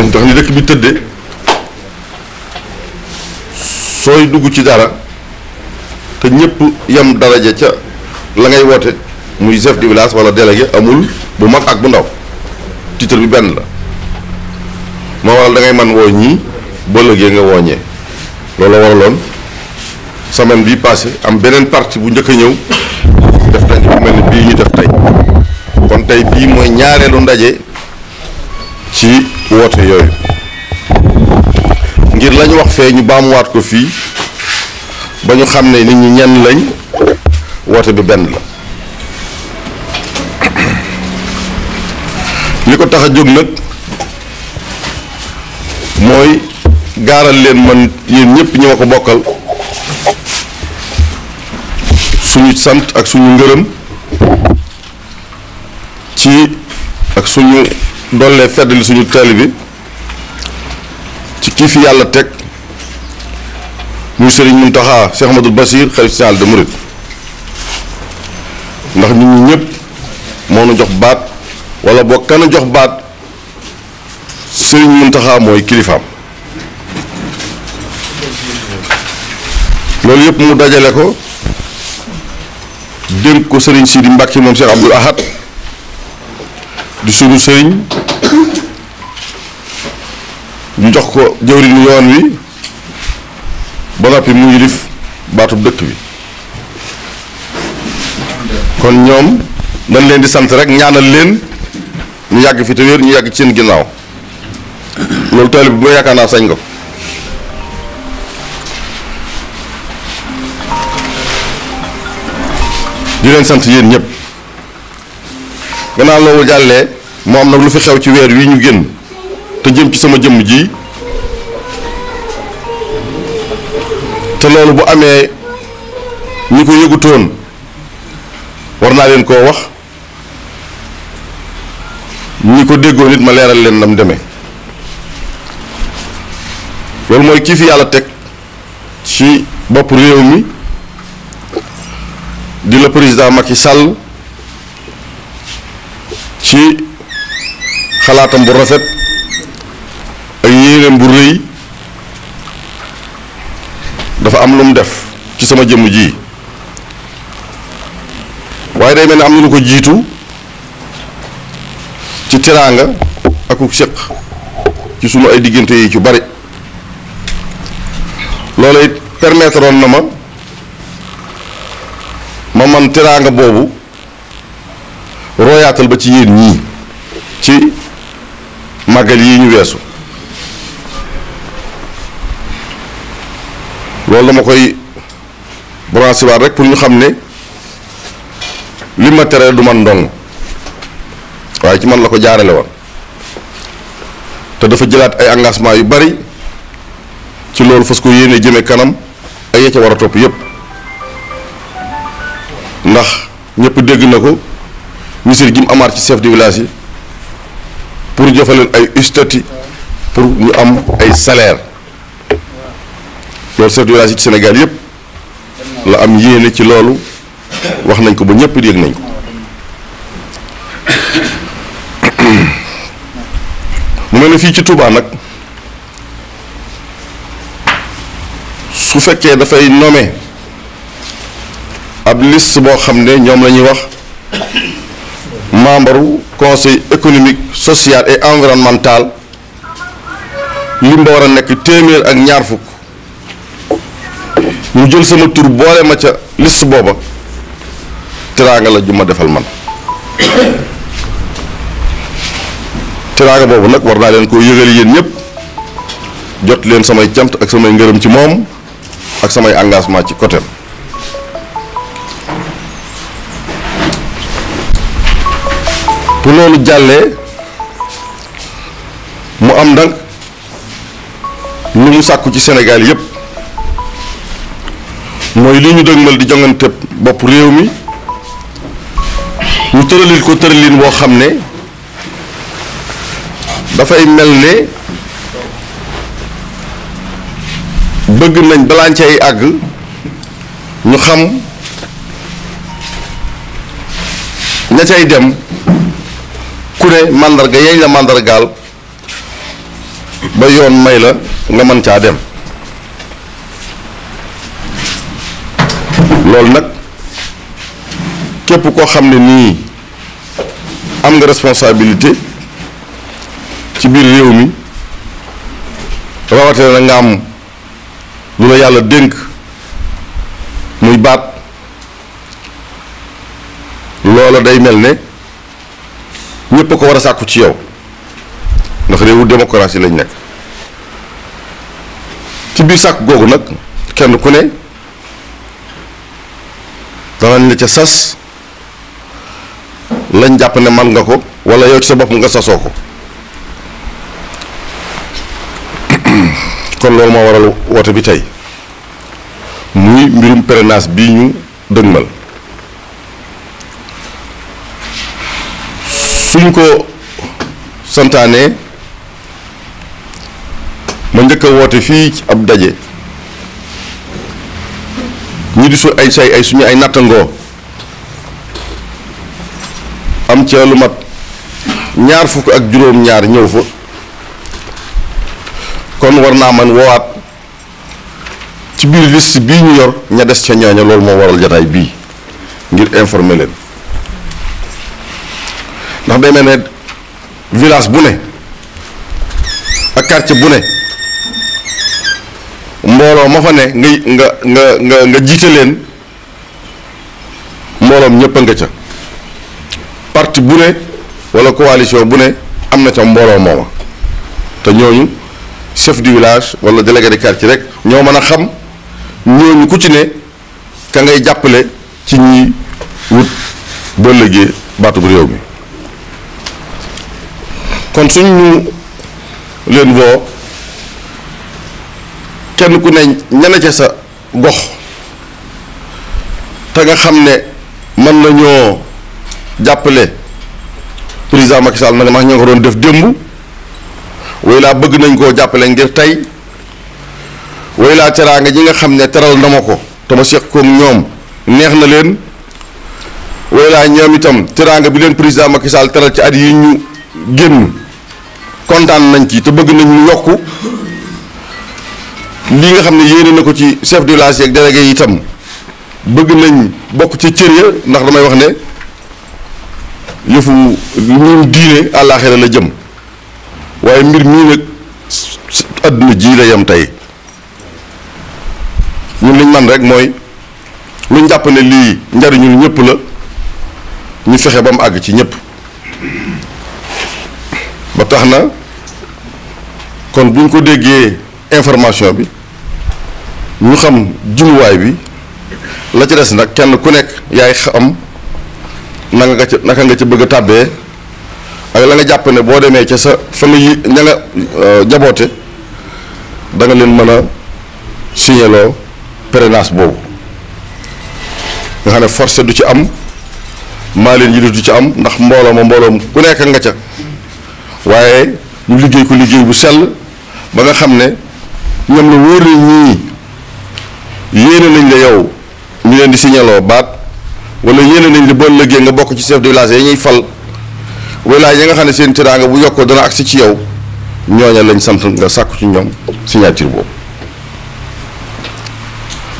leen ndax ni dëkk bi tëdde sooy dugg ci dara te ñëpp yem daraja ca la ngay woote muy chef de village wala délégué amul bu mag ak bu ndaw titre bi benn la moo waral da ngay mën woo ñii boo lëgee nga wooñee loolu waraloon semaine bi passé am beneen parti bu njëkk ñëw def mel ni bii ñu def tey kon tey bii mooy ñaareelu ndaje ci woote yooyu ngir lañ wax fee ñu baamuwaat ko fii ba ñu xam ne nit ñi ñenn lañ woote bi benn la li ko tax a jóg nag mooy gaaral leen man yéen ñëpp ñi ma ko bokkal suñu sant ak suñu ngërëm ci ak suñu ndollee feddali suñu teel bi ci kii fi yàlla teg muy Serigne Mountakha Cheikh Ahmadou Bassir xalif général des mourides ndax ñun ñi ñëpp moo nu jox baat wala boo kan jox baat Serigne Mountakha mooy kilifaam loolu yëpp mu dajale ko dénk ko Serigne Sidi Mbacke moom Cheikh Abdoul Ahad di sunu sëriñ ñu jox ko jëwriñu yoon wi ba noppi mu yilif baatub dëkk bi kon ñoom dañ leen di sant rek ñaanal leen ñu yàgg fi te ñu yàgg ci seen ginnaaw loolu taalib bi ma yaakaar naa sañ ko di leen sant yéen ñëpp gannaaw loolu jàllee mu am nag lu fi xew ci weer wi ñu génn te jëm ci sama jëmm ji te loolu bu amee ñi ko yëgutoon war naa leen koo wax ñi ko déggoo nit ma leeral leen nam demee loolu mooy kii fi yàlla teg ci bopp réew mi di la président Macky Sall ci xalaatam bu rafet ak yéeneem bu rëy dafa am lu mu def ci sama jëmm ji waaye day mel ni am na lu ko jiitu ci teraanga akuk séq ci sunu ay diggante yi ci bari loolu it permettre woon na ma ma man teraanga boobu royaatal ba ci yéen ñii ci magal yi ñu wessu lolou dama koy branché waat rek pour ñu xamné li ma du man dong way ci man la ko jaarale won te dafa jëlat ay engagement yu bari ci lolou fas ko jëme kanam ay ya wara top yépp ndax ñëpp dégg nako monsieur misir amar ci chef de village pour jëfal ay ustati pour ñu am ay salaire loolu chef de village yi ci Sénégal yëpp la am yéene ci loolu wax nañ ko ba ñëpp yëg nañ mu mel fii ci tubaa nag su fekkee dafay nommer ab liste boo xam ne ñoom la ñuy wax membre conseil économique sociale et environnementale lim ba war a nekk téeméer ak ñaar fukk mu jël sama tur boole ma ca list booba teraanga la ju ma defal man teraanga boobu nag war naa leen koo yëgal yéen ñëpp jot leen samay cant ak samay ngërëm ci moom ak samay engagement ci côté bu loolu jàllee mu am nag lu mu sàkku ci Sénégal yépp mooy li ñu dëgmal di jongante bopp réew mi ñu tëralil ko tëralin boo xam ne dafay mel ne bëgg nañ balaañ ci ay àgg ñu xam ña cay dem kure mandar yeñ la mandar ba yoon may la nga man ca dem lol nak kep ko xam ni am nga responsabilité ci bir rew mi rawate na nga am lu la yalla denk muy bat lolo day mel ñepp ko wara sakku ci yow ndax rewu démocratie lañ nek ci bi sàkk gogu nak kenn ku ne dara la ci sas lañ japp ne man nga ko wala yow ci sa bop nga sasoko kon lool mo waral wote bi tay muy mbirum pérénage bi ñu deugmal Sunko santane santaane ma njëkk a woote fii ci ab daje ñu di su ay say ay suñu ay nattangoo am ci lu mat ñaar fukk ak juróom ñaar ñëw fa kon war naa man woowaat ci biir liste bii ñu yor ña des ca ñooña loolu waral jataay bii ngir informer leen ndax day mel ne village bu ne ak quartier bu ne mbooloo ma fa ne nga nga nga nga jiite leen mbooloom ñëpp a nga ca parti bu ne wala coalition bu ne am na ca mbooloo mooma te ñooñu chef du village walla délégué de quartier rek ñoo mën a xam ñooñu ku ci ne ka ngay jàppale ci ñiy wut ba léegi baatub réew mi kon suñ mu leen woo kenn ku ne ñana ca sa gox te nga xam ne mën nañoo jàppale président Macky Sall nag ndax ñoo ko doon def démb way laa bëgg nañ koo jàppale ngir tey way laa teraanga ji nga xam ne teral na ma ko te ma seq ñoom neex na leen way laa ñoom itam teraanga bi leen président Macky Sall teral ci at yi ñu génn kontaan nañ ci te bëgg nañ ñu yokk li nga xam ne yéene na ko ci chef de village ak délégué yi itam bëgg nañ bokk ci cër ya ndax damay wax ne yëfu ñun diine àllaaxira la jëm waaye mbir mii nag àdduna ji la yem tey ñun liñ man rek mooy luñ jàpp ne lii njariñu ñépp la ñu fexe ba mu àgg ci ñépp ba tax na kon bu ñu ko déggee information bi ñu xam jumuwaay bi la ca des nag kenn ku nekk yaay xam na nga ca naka nga ca bëgg a tàbbee ak la nga jàpp ne boo demee ca sa famille yi ña nga euh, jaboote da leen mën a signéloo parrainage boobu nga xam ne forcé du ci am maa leen yi du ci am ndax mbooloo ma mbooloom ku nekk nga ca waaye ñu liggéey ko liggéey bu sell ba nga xam ne ñoom la wóor na ñii yéene nañ la yow ñu leen di signaloo baat wala yéene nañ la boo lëggee nga bokk ci chef di village yi ñuy fal wala yi nga xam ne seen teraanga bu yokkoo dana agsi ci yow ñooña lañ sant nga sàkku ci ñoom signature boobu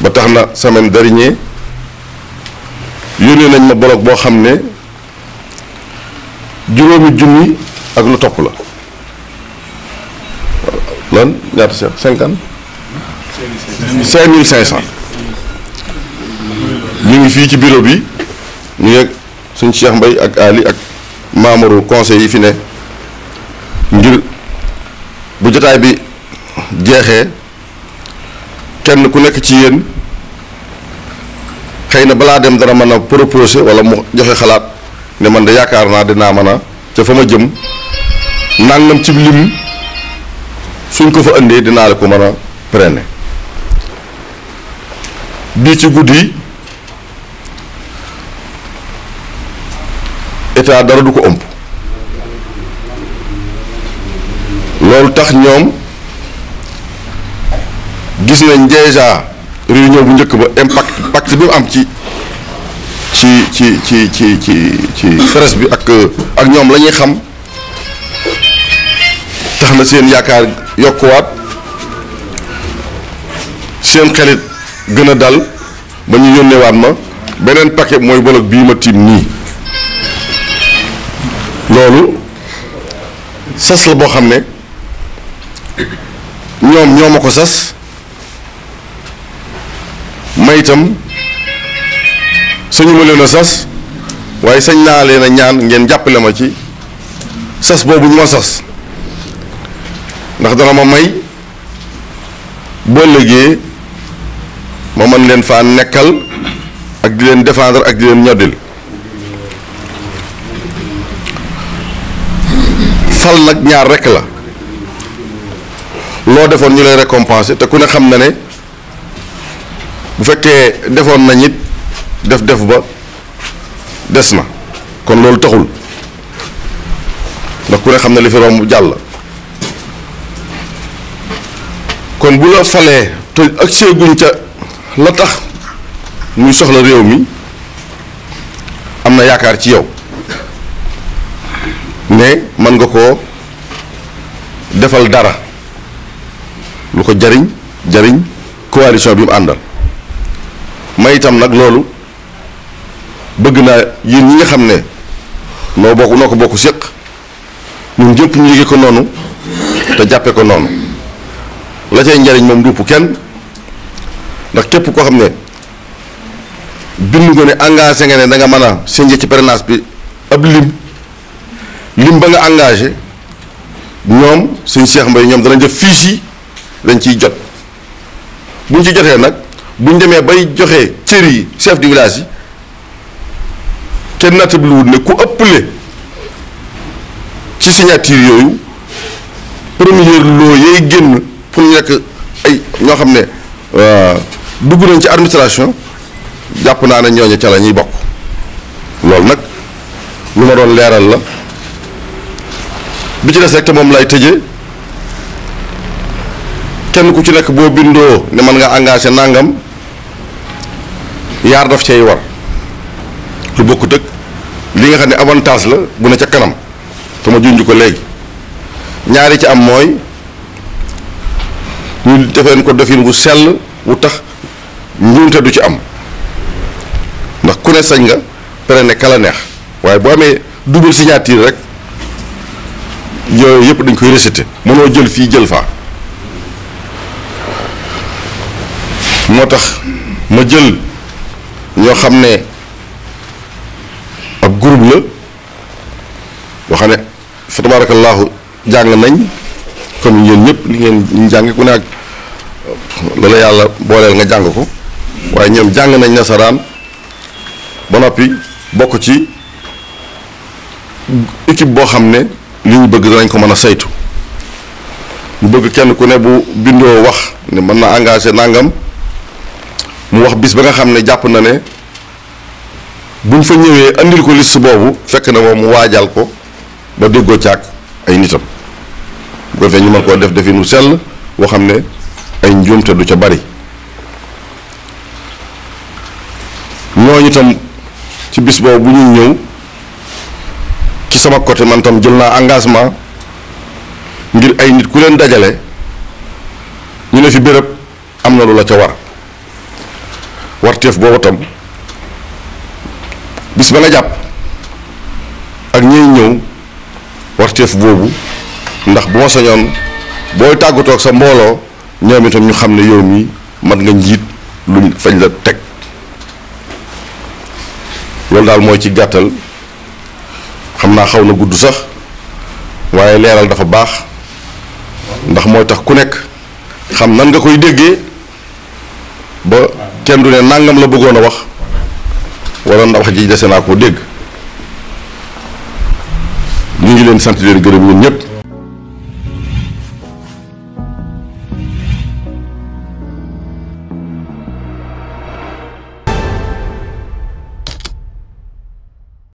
ba tax na semaine dernier yónnee nañ ma boroog boo xam ne juróomi junni ak lu topp la lan ñaata seet cinquante cinq mille cinq cent ñu ngi fii ci bureau bi ñu ngeeg suñ Cheikh mbay ak Ali ak membre conseil yi fi ne ngir bu jotaay bi jeexee kenn ku nekk ci yéen xëy na balaa dem dana mën a proposer wala mu joxe xalaat ne man de yaakaar naa dinaa mën a te fa ma jëm nangam ci lim suñ ko fa indee dinaa la ko mën a prene bii ci guddi état dara du ko ëmp loolu tax ñoom gis nañ déjà réunion bu njëkk ba impact bi mu am ci ci ci ci ci ci ci presse bi ak ñoom lañuy xam tax na seen yaakaar yokkuwaat seen xelit gën a dal ba ñu yónneewaat ma beneen paquet mooy bolog bii ma tiim nii loolu sas la boo xam ne ñoom ñoo ma ko sas ma itam sañu ma leen a sas waaye sañ naa leen a ñaan ngeen jàppale ma ci sas boobu ñu ma sas ndax dana ma may boo léegi ma mën leen faa nekkal ak di leen défendre ak di leen ñoddil fal nag ñaar rekk la loo defoon ñu leen récompenser te ku ne xam na ne bu fekkee defoon nañ it def def ba des na kon loolu taxul ndax ku ne xam na li fi romb jàll kon bu la falee te ak seeguñ ca la tax muy soxla réew mi am na yaakaar ci yow ne mën nga koo defal dara lu ko jariñ jariñ coalition bi mu àndal may itam nag loolu bëgg naa yéen ñi nga xam ne noo bokk noo ko bokk séq ñun njëkk ñu yëge ko noonu te jàppee ko noonu la cay njariñ moom dupp kenn ndax képp koo xam ne bind nga ne engagé nga ne da mën a sënje ci parrainage bi ab lim lim ba nga engagé ñoom suñ Cheikh Mbaye ñoom danañ def fiche yi dañ ciy jot buñ ci jotee nag buñ demee bay joxe cër yi chef du village yi kenn nattabluwut ne ku ëpple ci signature yooyu premier loo yay génn pour nekk ay ñoo xam ne euh, dugg nañ ci administration jàpp naa ne ñooñu ca la ñuy bokk loolu nag lu ma doon leeral la bi ci des rek te moom lay tëjee kenn ku ci nekk boo bindoo ne mën nga engagé nangam yaar daf cay war lu bokkut ak li nga xam ne avantage la bu ne ca kanam te ma junj ko léegi ñaari ci am mooy. ñu defeen ko defin wu sell wu tax njuumte du ci am ndax ku ne sañ nga pare ne kala neex waaye boo amee double signature rek yooyu yëpp dañ koy récité mënoo jël fii jël fa moo tax ma jël ñoo xam ne ak groupe la boo ne fa tabarakallahu jàng nañ comme yéen ñëpp li ngeen ñu jàng ku ne ak loolu yàlla booleel nga jàng ko waaye ñoom jàng nañ nasaraan ba noppi bokk ci équipe boo xam ne li ñu bëgg danañ ko mën a saytu ñu bëgg kenn ku ne bu bindoo wax ne mën naa engagé nangam mu wax bis ba nga xam ne jàpp na ne buñ fa ñëwee andil ko boobu fekk na moom mu waajal ko ba déggoo caag ay nitam bu ma defee ñu mën koo def definu sell boo xam ne ay njuumte du ca bari ñooñu tam ci bis boobu bu ñuy ñëw ci sama côté man tam jël naa engagement ngir ay nit ku leen dajale ñu ne fi bërëb am na lu la ca war warteef boobu tam bis ba la jàpp ak ñuy ñëw warteef boobu ndax bu ma sañoon booy tàggatoo sa mbooloo ñoom ñu xam ne yow mi mat nga njiit luñ fañ la teg loolu daal mooy ci gàttal xam naa xaw na gudd sax waaye leeral dafa baax ndax mooy tax ku nekk xam nan nga koy déggee ba kenn du ne nàngam la bëggoon a wax wala ndax wax ji dese naa koo dégg ñu ngi leen sant leen gërëm ñun ñëpp.